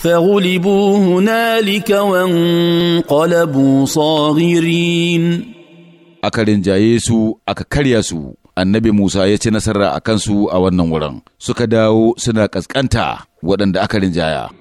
فغلبوا هنالك وانقلبوا صاغرين aka rinjaye su aka karya annabi Musa ya ci nasara a kansu a wannan wurin suka dawo suna ƙasƙanta waɗanda aka rinjaya